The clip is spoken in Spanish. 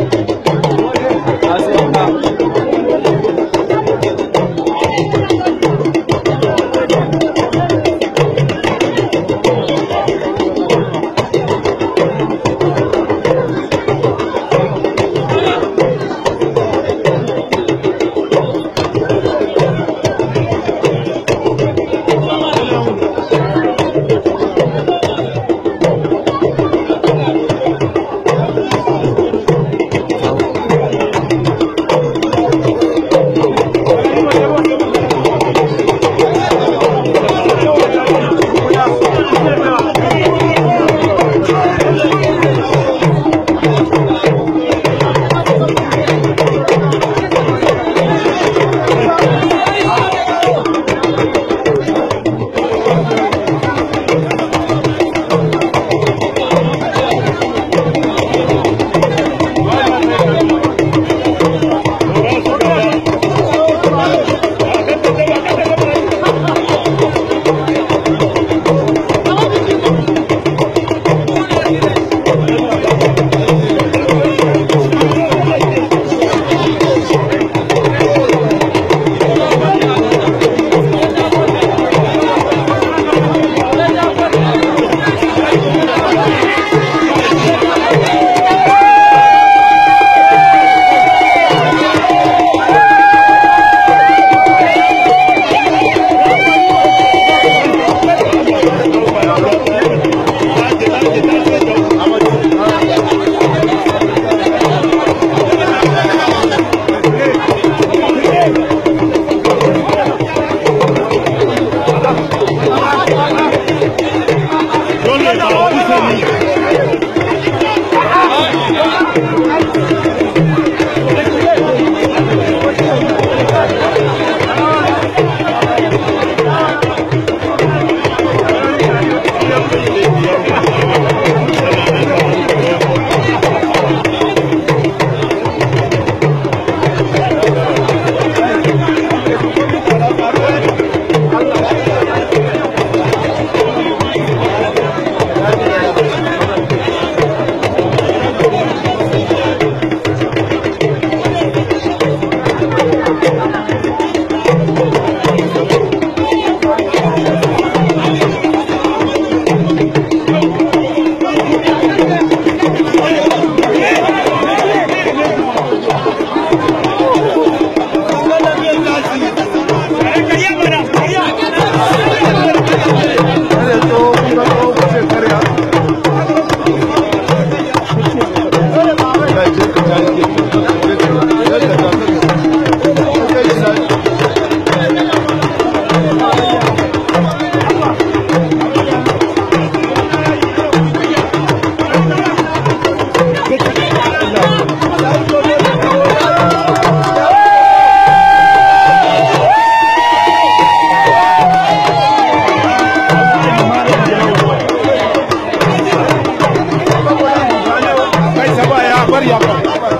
¡Gracias! Maria, Abraão.